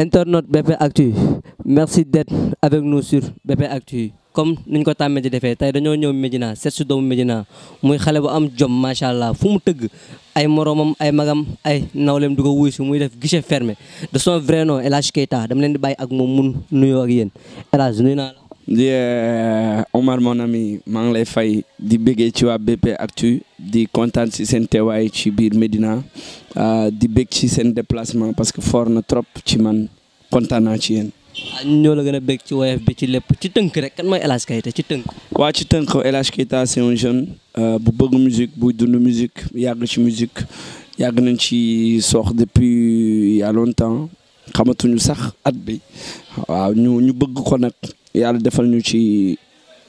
Internaute BP Actu merci d'être avec nous sur BP Actu comme ni ñu ko tàmmee di defee tey dañoo ñëw Médina seet si doomu Médina muy xale bu am jom macha allah fu mu tëgg ay moroomam ay magam ay nawleem du ko wuy si muy def guichet fermé de son vrai nom El Hadj dama leen di bay ak moom mun nuyoo ak yéen El Hadj naa la. di euh, Omar mon ami maa ngi lay fay di bëggee ci waa BP Actu di kontaan si seen teewaay ci biir Médina ah, di bég ci seen déplacement parce que foor na trop ci man kontaan naa ci yéen. Ah, ñoo la gën a bég ci woyef bi ci lépp ci tënk rek kan mooy El Hadj Keita ci tënk. waa ci tënk El Hadj Keita ah, bu bëgg musique bu dund musique yàgg ci musique yàgg nañ ci soox depuis il y a xamatuñu sax at bi waaw ñu ñu bëgg ko nag yàlla defal ñu ci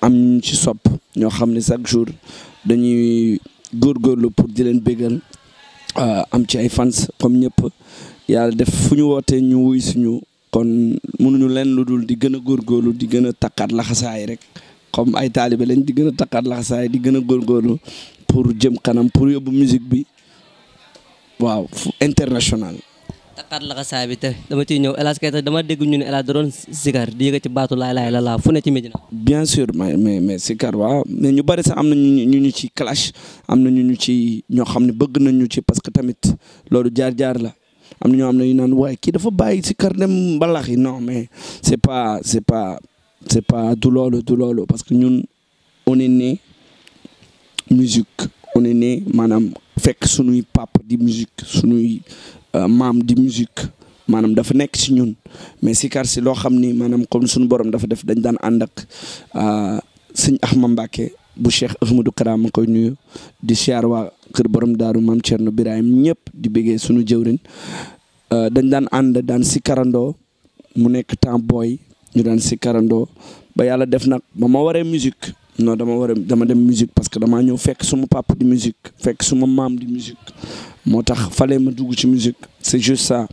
am ñu ci sop ñoo xam ne chaque jour dañuy góor góorlu pour di leen béggal euh, am ci ay fans comme ñëpp yàlla def fu ñu wootee ñu wuy suñu kon mënuñu leen lu dul di gën a góorlu di gën a takkaat laxasaay rek comme ay taalibe lañ di gën a takkaat laxasaay di gën a góorgóorlu pour jëm kanam pour yóbbu musique bi waaw international caqaat la ko saabi dama ciy ñëw El Hadj Keita dama ñu ne El Hadj da di yëga ci baatu laay laay la laa fu ne ci Medina. bien sûr mais mais mais sikar waaw mais ñu bari sax am na ñu ñu ci clash am na ñu ñu ci ñoo xam ne bëgg ñu ci parce que tamit loolu jaar jaar la am na ñoo xam ne ñu naan waaye kii dafa bàyyi sikar dem mbalax yi non mais c'est pas c'est pas c'est pas du loolu du loolu parce que ñun on est né musique on est maanaam fekk sunuy pap di musique suñuy Euh, maam di musique maanaam dafa nekk si ñun mais sikar si loo xam ni maanaam comme suñu borom dafa def dañ daan ànd ak euh, sëñ Axma Mbacke bu Cheikh Ahmadou Kara ma koy nuyu di siyaar waa kër borom daaru maam Thierno Birahim ñëpp di bëggee suñu jëwrin euh, dañ daan ànd daan si karandoo mu nekk temp boy ñu daan si karandoo ba yàlla def nag ba ma waree musique non dama war a dama dem musique parce que damaa ñëw fekk suma papa di musique fekk suma maam di musique moo tax fale ma dugg ci musique c'est juste ça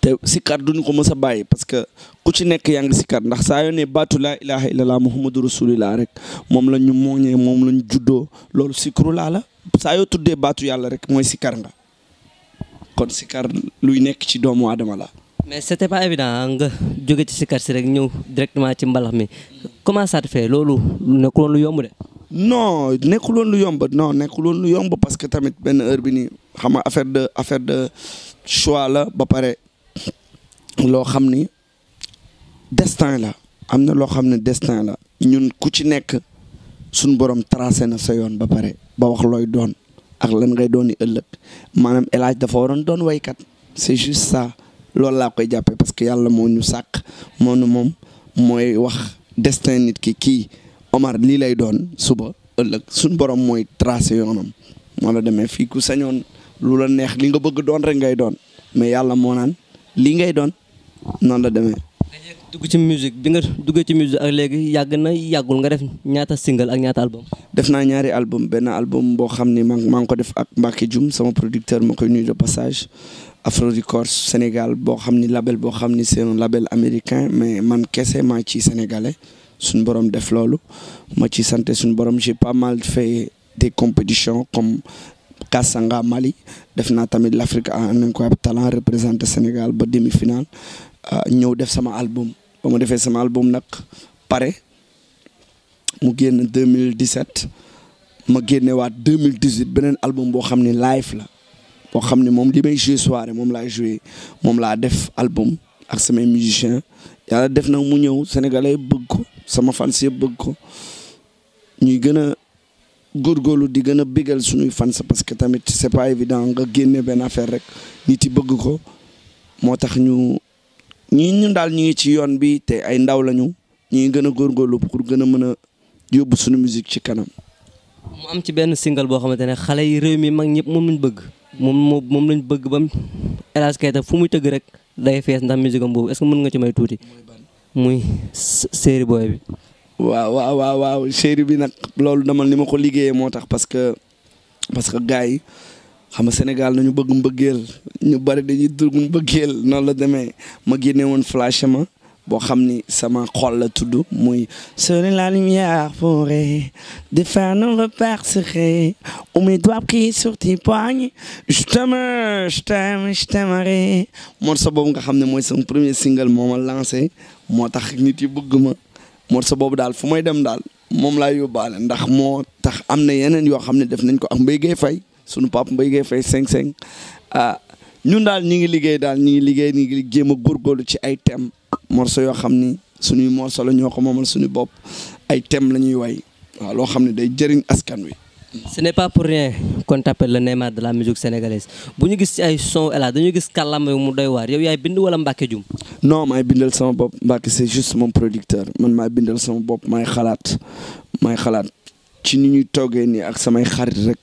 te sikar duñu ko mës sa bàyyi parce que ku ci nekk yaa ngi sikar ndax saa yoo ne baatu laa ilaha illallah muhammadu rasulillah rek moom la ñu mooñee moom lañu ñu juddoo loolu sikru laa la saa yoo tuddee baatu yàlla rek mooy sikar nga kon sikar luy nekk ci doomu aadama la mais c'était pas évident nga jóge ci sikar si rek ñëw directement ci mbalax mi comment ça te fait loolu nekkuloon lu yomb de. non nekkuloon lu yomb non nekkuloon lu yomb parce que tamit benn heure bi nii xam nga affaire de affaire de choix la ba pare loo xam ni destin la am na loo xam ne destin la ñun ku ci nekk suñu borom tracé na sa yoon ba pare ba wax looy doon ak lan ngay dooni ëllëg maanaam El Hadj dafa waroon doon waykat c'est juste ça loolu laa koy jàppee parce que yàlla moo ñu sàkk moo moom mooy wax. destin nit ki kii Omar lii lay doon suba ëllëg suñ borom mooy tracé yoonam moo la demee fii ku sañoon lu la neex li nga bëgg doon rek ngay doon mais yàlla moo naan lii ngay doon noonu la demee dugg ci musique bi nga duggee ci musique ak léegi yàgg na yàggul nga def ñaata single ak ñaata album. def naa ñaari album benn album boo xam ne maa maa ngi ko def ak Mbacke Dioum sama producteur moo koy nuyu de passage Afro Records Sénégal boo xam ni label boo xam ni c'est un label américain mais man kese maa ci sénégalais suñu borom def loolu ma ci sant suñu borom j'ai pas mal fait des compétitions comme. Kassanga Mali def naa tamit l'Afrique en un talent représenter Sénégal ba demi-finale euh, ñëw def sama album ba ma defee sama album nag pare mu génn 2017 ma génnewaat 2018 beneen album boo xam ne live la boo xam ne moom li may joué soirée moom laa joué moom laa def album ak samay musiciens yàlla def na mu ñëw sénégalais bëgg ko sama fans yëpp bëgg ko ñuy gën a góorlu di gën a bégal suñuy fans parce que tamit c'est pas évident nga génne benn affaire rek nit yi bëgg ko moo tax ñu ñii ñun daal ñu ngi ci yoon bi te ay ndaw lañu ñu ngi gën a góorgóorlu pour gën a mën a yóbbu suñu musique ci kanam. mu am ci benn single boo xamante ne xale yi réew mi mag ñëpp moom lañ bëgg moom moom lañ bëgg bam El Hadj Keita fu muy tëgg rek day fees ndax musique am boobu est-ce mën nga ci may tuuti muy séeri booy bi. waaw waaw waaw waaw séeri bi nag loolu dama li ma ko liggéeyee moo tax parce que parce que gars yi xam nga Sénégal nañu bëgg mbëggeel ñu bari dañuy dugg mbëggeel noonu la demee ma génne woon flash ma boo xam ni sama xol la tudd muy seule la lumière pourrait défaire nos repères serrés ou mes doigts pris sur tes poignes je t'aime je t'aime je t'aimerai morceau boobu nga xam ne mooy sama premier single moo moo tax nit yi bëgg ma morceau boobu daal fu may dem daal moom laay yóbbaale ndax moo tax am na yeneen yoo xam ne def nañ ko am Mbaye Gueye sunu papa Mbaye Gueye Faye seng ah ñun daal ñi ngi liggéey daal ñi ngi liggéey ñi ngi jéem a góorgóorlu ci ay thèmes morso yoo xam ni suñuy morceau la ñoo ko moomal suñu bopp ay thèmes la ñuy way waaw loo xam ne day jëriñ askan wi. ce n'est pas pour rien qu'on t'appelle le Neymar de la musique sénégalaise bu ñu gis ci ay son El dañu gis kàllaama mu doy waar yow yaay bind wala Mbacke Dioum. non maay bindal sama bopp Mbacke c'est juste mon producteur man maa bindal sama bopp maay xalaat maay xalaat ci ni ñuy toogee nii ak samay xarit rek.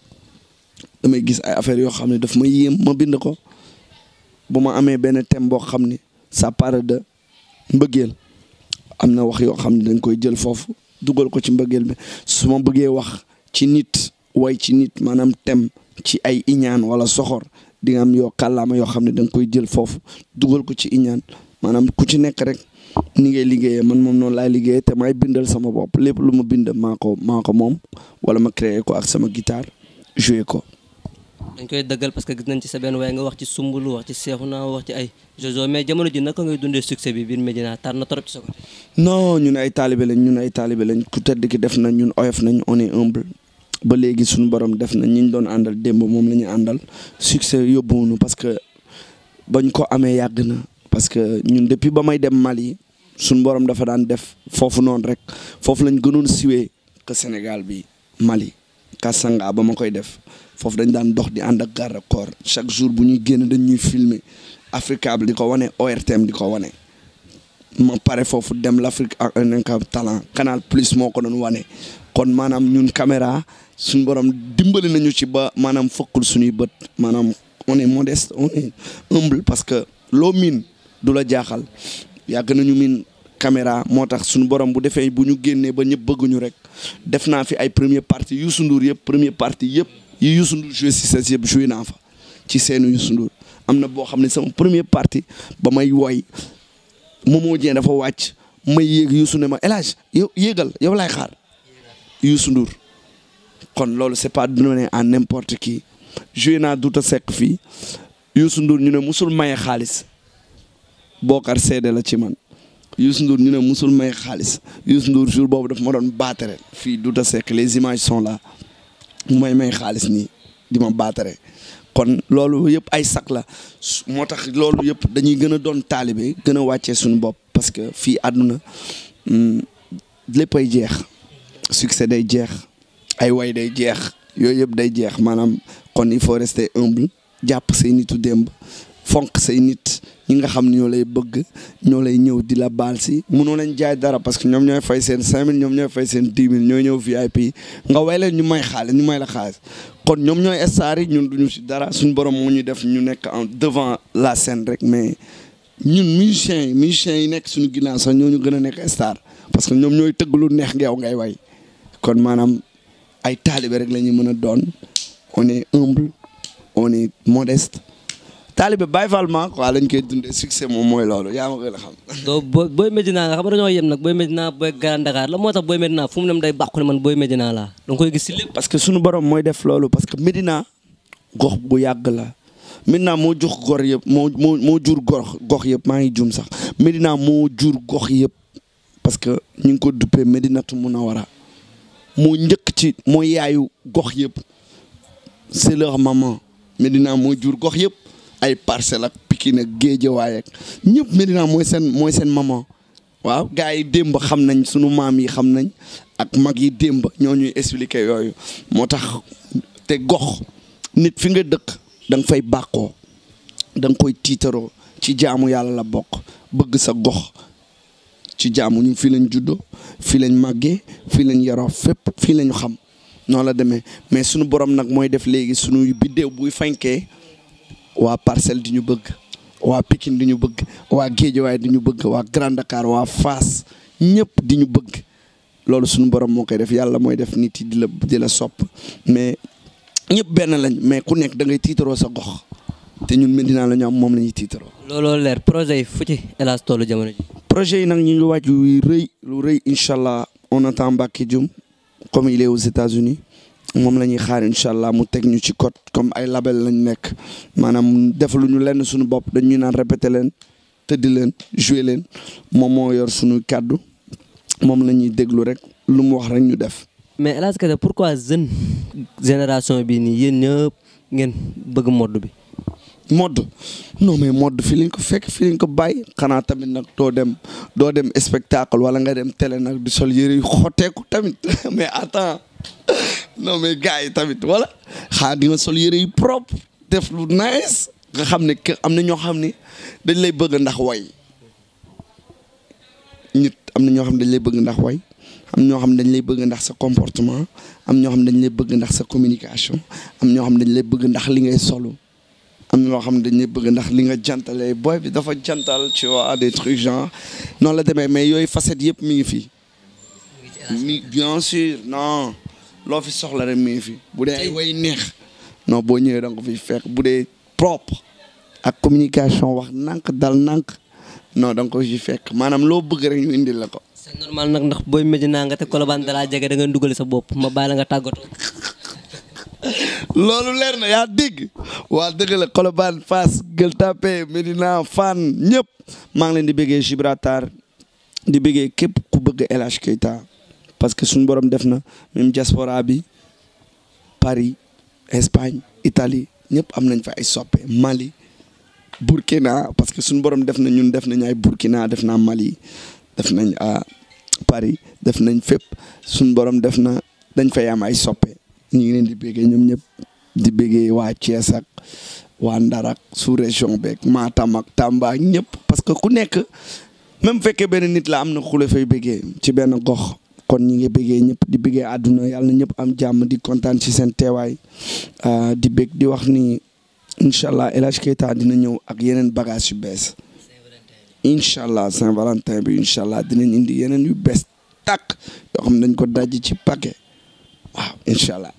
damay gis ay affaires yoo xam ne dafa ma yéem ma bind ko bu ma amee benn thème boo xam ne ça parle de mbëggeel am na wax yoo xam ne dañ koy jël foofu dugal ko ci mbëggeel bi su ma bëggee wax ci nit way ci nit maanaam thème ci ay iñaan wala soxor di nga am yoo kàllaama yoo xam ne da nga koy jël foofu dugal ko ci iñaan maanaam ku ci nekk rek ni ngay liggéeyee man moom noonu laay liggéeyee te maay bindal sama bopp lépp lu ma bind maa ko maa ko moom wala ma créé ko ak sama guitare joué ko dañ koy dëggal parce que gis nañ ci sa benn waaye nga wax ci sumbulu wax ci Seexuna mais jamono ji naka ngay dundee succès bi biir Médina tar na trop ci sa côté ñun ay taalibe lañ ñun ay taalibe lañ ku tedd ki def na ñun oyof nañ on est humble ba léegi suñu borom def na ñi ñu doon àndal démb moom la ñu àndal succès yóbbuwunu parce que bañ ko amee yàgg na parce que ñun depuis ba may dem Mali suñu borom dafa daan def foofu noonu rek foofu lañ gënoon siwee que Sénégal bi Mali Kasanga ba ma koy def foofu dañ daan dox di ànd ak garde corps chaque jour bu ñuy génn dañ ñuy filmer Africable di ko wane ORTM di ko wane. ma pare foofu dem l'Afrique ak un talent Canal Plus moo ko doon wane kon maanaam ñun caméra suñu borom dimbali nañu ci ba maanaam fokkul suñuy bët maanaam one est modeste on est humble parce que loo miin du la jaaxal yàgg nañu miin caméra moo tax suñu borom bu defee bu ñu génnee ba ñëpp bëgguñu rek def naa fi ay première partie Youssou Ndour yëpp première partie yëpp yi Youssou Ndour joué si ses yëpp naa fa ci seenu Youssou Ndour am na boo xam ne sama première partie ba may woy Momo Dieng dafa wàcc may yéeg Youssou ne ma El Hadj yow yéegal yow laay xaar Youssou Ndour kon loolu c'est pas donné à n'importe qui joué naa Douta Seck fii Youssou Ndour ñu ne musul maye xaalis kar seede la ci man Youssou Ndour ñu ne musul may xaalis Youssou Ndour jour boobu daf ma doon baatare fii Douta Seck les images sont la mooy may xaalis nii dima ma baatare kon loolu yëpp ay sac la moo tax loolu yëpp dañuy gën a doon taalibe gën a wàccee suñu bopp parce que fii àdduna hmm, lépp ay jeex succès day jeex ay way day jeex yooyu yëpp day jeex maanaam kon il faut rester humble jàpp say nitu démb fonk say nit ñi nga xam ne ñoo lay bëgg ñoo lay ñëw di la baal si jaay dara parce que ñoom ñooy fay seen cinq mille ñoom ñooy fay seen dix mille ñooy leen ñu may xaalis ñu may la xaalis kon ñoom ñooy star yi ñun duñu si dara suñu borom moo ñu def ñu nekk en devant la scène rek mais ñun musiciens yi musiciens yi nekk suñu ginnaaw sax ñoo ñu gën a nekk star parce que ñoom ñooy tëgg lu neex nga yow ngay way kon maanaam ay taalibe rek la ñu mën a doon on humble on modeste taalibe Baye Fall ma quoi lañ koy dundee succès moom mooy loolu yaa ma gën a xam. donc booy booy Medina nga xam ne dañoo yem nag booy Medina booy Grand la moo tax booy Medina fu mu ne day bàqu ne man booy Medina koy gis si lépp. parce que sunu borom mooy def loolu parce que Medina gox bu yàgg la Medina moo jox gor yëpp moo moo moo jur gox gox yëpp maa ngi juum sax Medina moo jur gox yëpp parce que ñu ngi ko duppee Medinatu Munawara moo njëkk ci moo yaayu gox yëpp c'est leur maman Medina moo jur gox yëpp. ay parcelle ak Pikine ak géeje ak ñëpp Medina mooy seen mooy seen maman waaw gars yi démb xam nañ sunu maam yi xam nañ ak mag yi démb ñoo ñuy expliquer yooyu moo tax te gox nit fi nga dëkk da fay bàqoo da koy tiitaroo ci jaamu yàlla la bokk bëgg sa gox ci jaamu ñu fii lañ juddoo fii lañ màggee fii lañ yaroo fépp fii lañu xam noonu la demee mais sunu borom nag mooy def léegi sunu biddéew buy fankee waa parcelle di ñu bëgg waa Pikine di ñu bëgg waa Guédiawaye di ñu bëgg waa grande Dakar waa Fass ñëpp di ñu bëgg loolu suñu borom moo koy def yàlla mooy def nit di la di la sopp mais ñëpp benn lañ mais ku nekk da ngay tiitaroo sa gox te ñun Medina la ñu am moom la ñuy tiitaroo. looloo projet yi fu ci hélas tollu jamono ji. projet yi nag ñu ngi waaj yu rëy lu rëy incha allah on attend Mbacké Dioum comme il est aux États-Unis moom la ñuy xaar incha allah mu teg ñu ci code comme ay label lañ nekk maanaam defaluñu lenn suñu bopp dañuy naan répété leen tëddi leen joué leen moom moo yor suñu kàddu moom la ñuy déglu rek lu mu wax rek ñu def. mais El Hadj Keita pourquoi jeune génération bi nii yéen ñëpp ngeen bëgg mode bi. mode non mais mode fii fekk fii lañ ko bàyyi xanaa tamit nag doo dem doo dem spectacle wala nga dem télé nag di sol yëre yu xotteeku tamit mais attends non mais gars yi tamit wala xaa di sol yére yu propre def lu nice nga xam ne que am na ñoo xam ne dañ lay bëgg ndax way nit am na ñoo xam ne dañ lay bëgg ndax way am ñoo xam ne lay bëgg ndax sa comportement am ñoo xam ne dañ lay bëgg ndax sa communication am ñoo xam ne dañ lay bëgg ndax li ngay solu am ñoo xam ne dañ lay bëgg ndax li nga jantale booy bi dafa jantal ci vois des trucs genre noonu la demee mais yooyu facette yëpp mi ngi fi. mi bien loo fi soxla rek mi fi bu dee ay way neex noo boo ñëwee da nga ko fekk bu dee propre ak communication wax nank dal nank noo da nga fekk maanaam loo bëgg rek ñu indil la ko. c'est nag ndax booy Medina nga te Colobane dalaa jege da nga sa bopp ma baal nga tàggatoo. loolu leer na yaa dégg waa dëgg la Colobane Fass Gueule Tapée Medina Fann ñëpp maa ngi di bëggee Gibraltar di bëggee képp ku bëgg LH Keita parce que suñu borom def na même diaspora bi Paris Espagne Italie ñëpp am nañ fa ay soppe Mali Burkina parce que suñu borom def na ñun def nañ ay Burkina def naa Mali def nañ à ah, Paris def nañ fépp suñu borom def na dañ fay am ay soppe ñu ngi leen di béggee ñoom ñëpp di béggee waa Thiès waa Ndar su région beeg Matam Tamba ñëpp parce que ku nekk même fekkee beneen nit la am na ku la fay béggee ci benn gox kon ñi ngi bëggee ñëpp di bëggee àdduna yàlla na ñëpp am jàmm di kontaan ci seen teewaay ah, di bëgg di wax ni incha allah El dina ñëw ak yeneen bagage yu bees incha allah Saint-Valentin bi incha allah dinañ indi yeneen yu bees tak yoo xam ne ko daj ci pake waaw incha allah